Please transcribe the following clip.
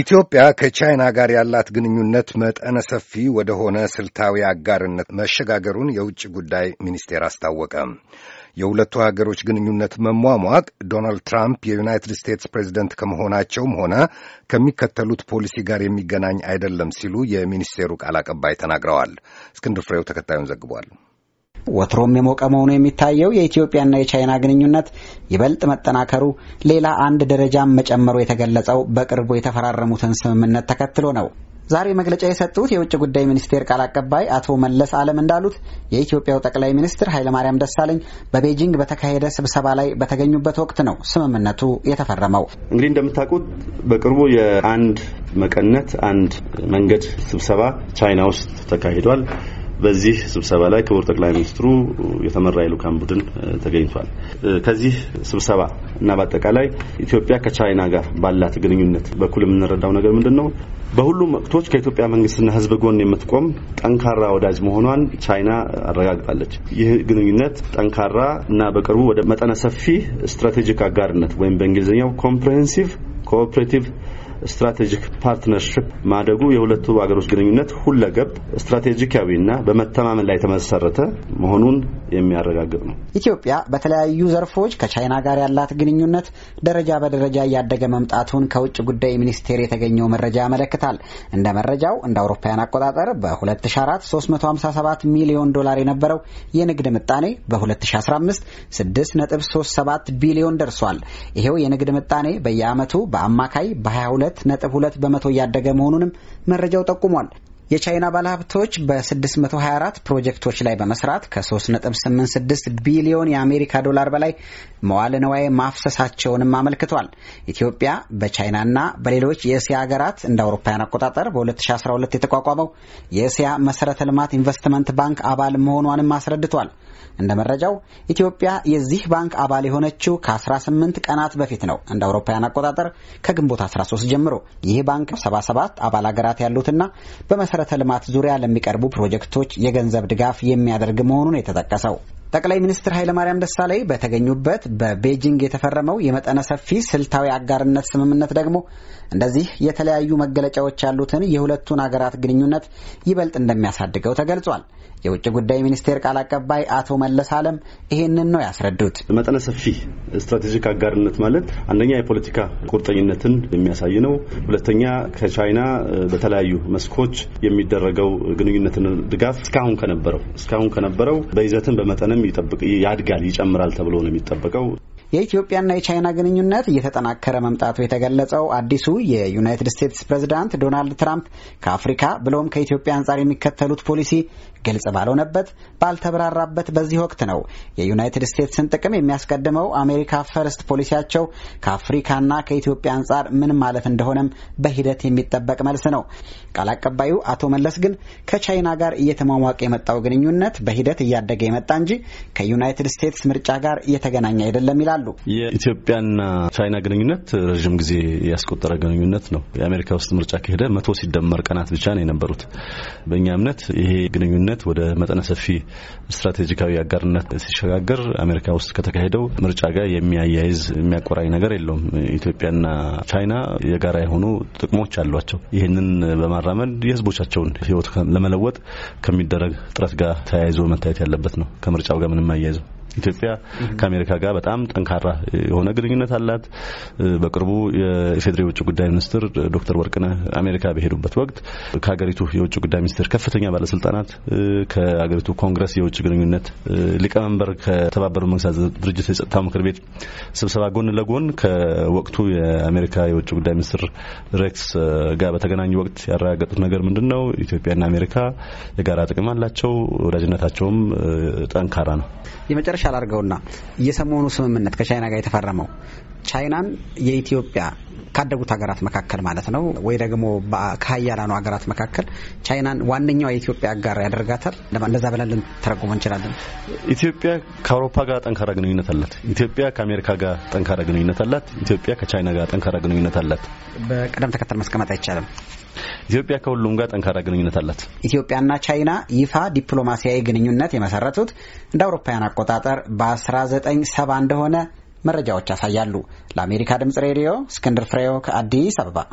ኢትዮጵያ ከቻይና ጋር ያላት ግንኙነት መጠነ ሰፊ ወደ ሆነ ስልታዊ አጋርነት መሸጋገሩን የውጭ ጉዳይ ሚኒስቴር አስታወቀ። የሁለቱ ሀገሮች ግንኙነት መሟሟቅ ዶናልድ ትራምፕ የዩናይትድ ስቴትስ ፕሬዚደንት ከመሆናቸውም ሆነ ከሚከተሉት ፖሊሲ ጋር የሚገናኝ አይደለም ሲሉ የሚኒስቴሩ ቃል አቀባይ ተናግረዋል። እስክንድር ፍሬው ተከታዩን ዘግቧል። ወትሮም የሞቀ መሆኑ የሚታየው የኢትዮጵያና የቻይና ግንኙነት ይበልጥ መጠናከሩ ሌላ አንድ ደረጃም መጨመሩ የተገለጸው በቅርቡ የተፈራረሙትን ስምምነት ተከትሎ ነው። ዛሬ መግለጫ የሰጡት የውጭ ጉዳይ ሚኒስቴር ቃል አቀባይ አቶ መለስ ዓለም እንዳሉት የኢትዮጵያው ጠቅላይ ሚኒስትር ኃይለማርያም ደሳለኝ በቤጂንግ በተካሄደ ስብሰባ ላይ በተገኙበት ወቅት ነው ስምምነቱ የተፈረመው። እንግዲህ እንደምታውቁት በቅርቡ የአንድ መቀነት አንድ መንገድ ስብሰባ ቻይና ውስጥ ተካሂዷል። በዚህ ስብሰባ ላይ ክቡር ጠቅላይ ሚኒስትሩ የተመራ የልኡካን ቡድን ተገኝቷል። ከዚህ ስብሰባ እና በአጠቃላይ ኢትዮጵያ ከቻይና ጋር ባላት ግንኙነት በኩል የምንረዳው ነገር ምንድን ነው? በሁሉም ወቅቶች ከኢትዮጵያ መንግስትና ሕዝብ ጎን የምትቆም ጠንካራ ወዳጅ መሆኗን ቻይና አረጋግጣለች። ይህ ግንኙነት ጠንካራ እና በቅርቡ ወደ መጠነ ሰፊ ስትራቴጂክ አጋርነት ወይም በእንግሊዝኛው ኮምፕሬሄንሲቭ ኮኦፕሬቲቭ ስትራቴጂክ ፓርትነርሽፕ ማደጉ የሁለቱ ሀገሮች ግንኙነት ሁለገብ ስትራቴጂካዊና በመተማመን ላይ የተመሰረተ መሆኑን የሚያረጋግጥ ነው። ኢትዮጵያ በተለያዩ ዘርፎች ከቻይና ጋር ያላት ግንኙነት ደረጃ በደረጃ እያደገ መምጣቱን ከውጭ ጉዳይ ሚኒስቴር የተገኘው መረጃ ያመለክታል። እንደ መረጃው እንደ አውሮፓውያን አቆጣጠር በ2004 357 ሚሊዮን ዶላር የነበረው የንግድ ምጣኔ በ2015 6.37 ቢሊዮን ደርሷል። ይሄው የንግድ ምጣኔ በየዓመቱ በአማካይ በ22 ሁለት ነጥብ ሁለት በመቶ እያደገ መሆኑንም መረጃው ጠቁሟል። የቻይና ባለሀብቶች በ624 ፕሮጀክቶች ላይ በመስራት ከ3.86 ቢሊዮን የአሜሪካ ዶላር በላይ መዋለ ንዋይ ማፍሰሳቸውንም አመልክቷል። ኢትዮጵያ በቻይናና በሌሎች የእስያ ሀገራት እንደ አውሮፓውያን አቆጣጠር በ2012 የተቋቋመው የእስያ መሰረተ ልማት ኢንቨስትመንት ባንክ አባል መሆኗንም አስረድቷል። እንደ መረጃው ኢትዮጵያ የዚህ ባንክ አባል የሆነችው ከ18 ቀናት በፊት ነው። እንደ አውሮፓውያን አቆጣጠር ከግንቦት 13 ጀምሮ ይህ ባንክ 77 አባል ሀገራት ያሉትና በመሰ መሰረተ ልማት ዙሪያ ለሚቀርቡ ፕሮጀክቶች የገንዘብ ድጋፍ የሚያደርግ መሆኑን የተጠቀሰው ጠቅላይ ሚኒስትር ኃይለማርያም ደሳለኝ በተገኙበት በቤጂንግ የተፈረመው የመጠነ ሰፊ ስልታዊ አጋርነት ስምምነት ደግሞ እንደዚህ የተለያዩ መገለጫዎች ያሉትን የሁለቱን አገራት ግንኙነት ይበልጥ እንደሚያሳድገው ተገልጿል። የውጭ ጉዳይ ሚኒስቴር ቃል አቀባይ አቶ መለስ አለም ይህንን ነው ያስረዱት። መጠነ ሰፊ ስትራቴጂክ አጋርነት ማለት አንደኛ የፖለቲካ ቁርጠኝነትን የሚያሳይ ነው። ሁለተኛ ከቻይና በተለያዩ መስኮች የሚደረገው ግንኙነትን ድጋፍ እስካሁን ከነበረው እስካሁን ከነበረው በይዘትም በመጠንም ይጠብቅ ያድጋል፣ ይጨምራል ተብሎ ነው የሚጠበቀው። የኢትዮጵያና የቻይና ግንኙነት እየተጠናከረ መምጣቱ የተገለጸው አዲሱ የዩናይትድ ስቴትስ ፕሬዝዳንት ዶናልድ ትራምፕ ከአፍሪካ ብሎም ከኢትዮጵያ አንጻር የሚከተሉት ፖሊሲ ግልጽ ባልሆነበት ባልተብራራበት በዚህ ወቅት ነው የዩናይትድ ስቴትስን ጥቅም የሚያስቀድመው አሜሪካ ፈርስት ፖሊሲያቸው ከአፍሪካና ከኢትዮጵያ አንጻር ምን ማለት እንደሆነም በሂደት የሚጠበቅ መልስ ነው። ቃል አቀባዩ አቶ መለስ ግን ከቻይና ጋር እየተሟሟቀ የመጣው ግንኙነት በሂደት እያደገ የመጣ እንጂ ከዩናይትድ ስቴትስ ምርጫ ጋር እየተገናኘ አይደለም ይላሉ። ይሰራሉ። የኢትዮጵያና ቻይና ግንኙነት ረዥም ጊዜ ያስቆጠረ ግንኙነት ነው። የአሜሪካ ውስጥ ምርጫ ከሄደ መቶ ሲደመር ቀናት ብቻ ነው የነበሩት። በእኛ እምነት ይሄ ግንኙነት ወደ መጠነ ሰፊ ስትራቴጂካዊ አጋርነት ሲሸጋገር አሜሪካ ውስጥ ከተካሄደው ምርጫ ጋር የሚያያይዝ የሚያቆራኝ ነገር የለውም። ኢትዮጵያና ቻይና የጋራ የሆኑ ጥቅሞች አሏቸው። ይህንን በማራመድ የህዝቦቻቸውን ህይወት ለመለወጥ ከሚደረግ ጥረት ጋር ተያይዞ መታየት ያለበት ነው። ከምርጫው ጋር ምንም አያይዘው ኢትዮጵያ ከአሜሪካ ጋር በጣም ጠንካራ የሆነ ግንኙነት አላት። በቅርቡ የኢፌዴሪ የውጭ ጉዳይ ሚኒስትር ዶክተር ወርቅነህ አሜሪካ በሄዱበት ወቅት ከሀገሪቱ የውጭ ጉዳይ ሚኒስትር ከፍተኛ ባለስልጣናት፣ ከሀገሪቱ ኮንግረስ የውጭ ግንኙነት ሊቀመንበር፣ ከተባበሩት መንግስታት ድርጅት የጸጥታ ምክር ቤት ስብሰባ ጎን ለጎን ከወቅቱ የአሜሪካ የውጭ ጉዳይ ሚኒስትር ሬክስ ጋር በተገናኙ ወቅት ያረጋገጡት ነገር ምንድን ነው? ኢትዮጵያና አሜሪካ የጋራ ጥቅም አላቸው። ወዳጅነታቸውም ጠንካራ ነው። መጨረሻ ላርገውና የሰሞኑ ስምምነት ከቻይና ጋር የተፈረመው ቻይናን የኢትዮጵያ ካደጉት ሀገራት መካከል ማለት ነው ወይ ደግሞ ከሀያላኑ ሀገራት መካከል ቻይናን ዋነኛው የኢትዮጵያ አጋር ያደርጋታል። እንደዛ ብለን ልንተረጉመ እንችላለን። ኢትዮጵያ ከአውሮፓ ጋር ጠንካራ ግንኙነት አላት። ኢትዮጵያ ከአሜሪካ ጋር ጠንካራ ግንኙነት አላት። ኢትዮጵያ ከቻይና ጋር ጠንካራ ግንኙነት አላት። በቅደም ተከተል ማስቀመጥ አይቻልም። ኢትዮጵያ ከሁሉም ጋር ጠንካራ ግንኙነት አላት። ኢትዮጵያና ቻይና ይፋ ዲፕሎማሲያዊ ግንኙነት የመሰረቱት እንደ አውሮፓውያን አቆጣጠር በ1970 እንደሆነ መረጃዎች ያሳያሉ። ለአሜሪካ ድምጽ ሬዲዮ እስክንድር ፍሬው ከአዲስ አበባ